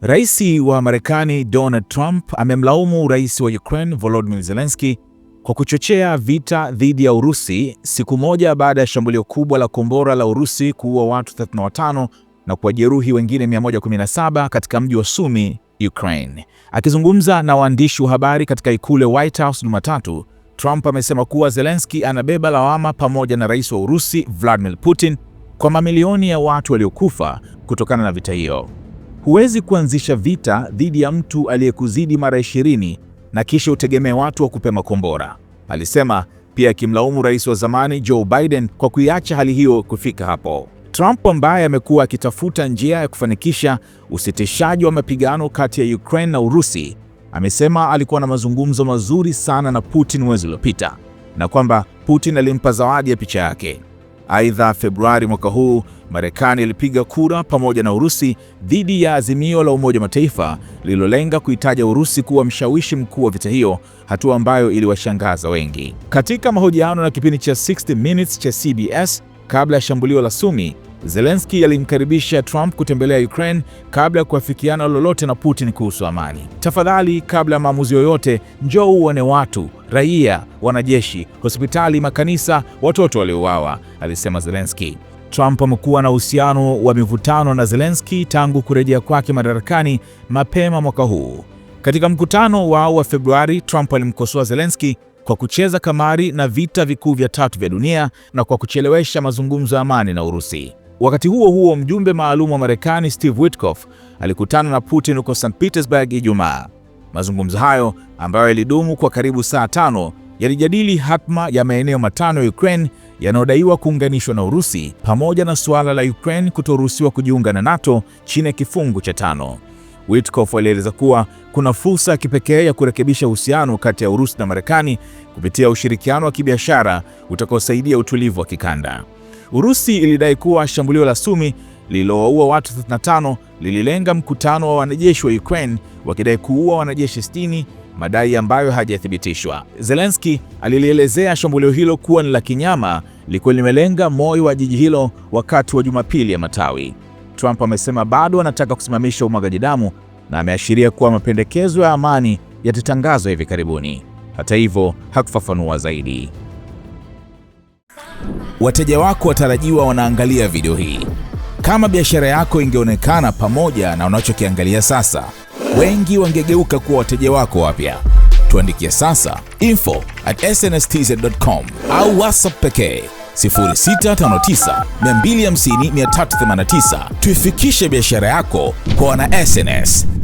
Rais wa Marekani Donald Trump amemlaumu Rais wa Ukraine Volodymyr Zelensky kwa kuchochea vita dhidi ya Urusi siku moja baada ya shambulio kubwa la kombora la Urusi kuua watu 35 na kuwajeruhi wengine 117 katika mji wa Sumi, Ukraine. Akizungumza na waandishi wa habari katika ikulu ya White House Jumatatu, Trump amesema kuwa Zelensky anabeba lawama pamoja na Rais wa Urusi Vladimir Putin kwa mamilioni ya watu waliokufa kutokana na vita hiyo. Huwezi kuanzisha vita dhidi ya mtu aliyekuzidi mara 20 na kisha utegemee watu wa kupe makombora, alisema pia akimlaumu rais wa zamani Joe Biden kwa kuiacha hali hiyo kufika hapo. Trump ambaye amekuwa akitafuta njia ya kufanikisha usitishaji wa mapigano kati ya Ukraine na Urusi amesema alikuwa na mazungumzo mazuri sana na Putin mwezi uliopita na kwamba Putin alimpa zawadi ya picha yake. Aidha, Februari mwaka huu Marekani ilipiga kura pamoja na Urusi dhidi ya azimio la Umoja Mataifa lililolenga kuitaja Urusi kuwa mshawishi mkuu wa vita hiyo, hatua ambayo iliwashangaza wengi. Katika mahojiano na kipindi cha 60 Minutes cha CBS kabla ya shambulio la Sumi, Zelensky alimkaribisha Trump kutembelea Ukraine kabla ya kuafikiana lolote na Putin kuhusu amani. Tafadhali, kabla ya maamuzi yoyote, njoo uone watu, raia, wanajeshi, hospitali, makanisa, watoto waliouawa, alisema Zelensky. Trump amekuwa na uhusiano wa mivutano na Zelensky tangu kurejea kwake madarakani mapema mwaka huu. Katika mkutano wao wa Februari, Trump alimkosoa Zelensky kwa kucheza kamari na vita vikuu vya tatu vya dunia na kwa kuchelewesha mazungumzo ya amani na Urusi. Wakati huo huo, mjumbe maalum wa Marekani Steve Witkoff alikutana na Putin huko St Petersburg Ijumaa. Mazungumzo hayo ambayo yalidumu kwa karibu saa tano yalijadili hatma ya maeneo matano ya Ukraine yanayodaiwa kuunganishwa na Urusi pamoja na suala la Ukraine kutoruhusiwa kujiunga na NATO chini ya kifungu cha tano. Witkoff alieleza kuwa kuna fursa ya kipekee ya kurekebisha uhusiano kati ya Urusi na Marekani kupitia ushirikiano wa kibiashara utakaosaidia utulivu wa kikanda. Urusi ilidai kuwa shambulio la Sumi lililowaua watu 35 lililenga mkutano wa wanajeshi wa Ukraine wakidai kuua wanajeshi 60, madai ambayo hajathibitishwa. Zelensky alilielezea shambulio hilo kuwa ni la kinyama, likuwa limelenga moyo wa jiji hilo wakati wa Jumapili ya Matawi. Trump amesema bado anataka kusimamisha umwagaji damu na ameashiria kuwa mapendekezo ya amani yatatangazwa hivi karibuni. Hata hivyo, hakufafanua zaidi. Wateja wako watarajiwa wanaangalia video hii. Kama biashara yako ingeonekana pamoja na unachokiangalia sasa, wengi wangegeuka kuwa wateja wako wapya. Tuandikie sasa info at snstz.com au whatsapp pekee 0659 250 389. Tuifikishe biashara yako kwa wana SNS.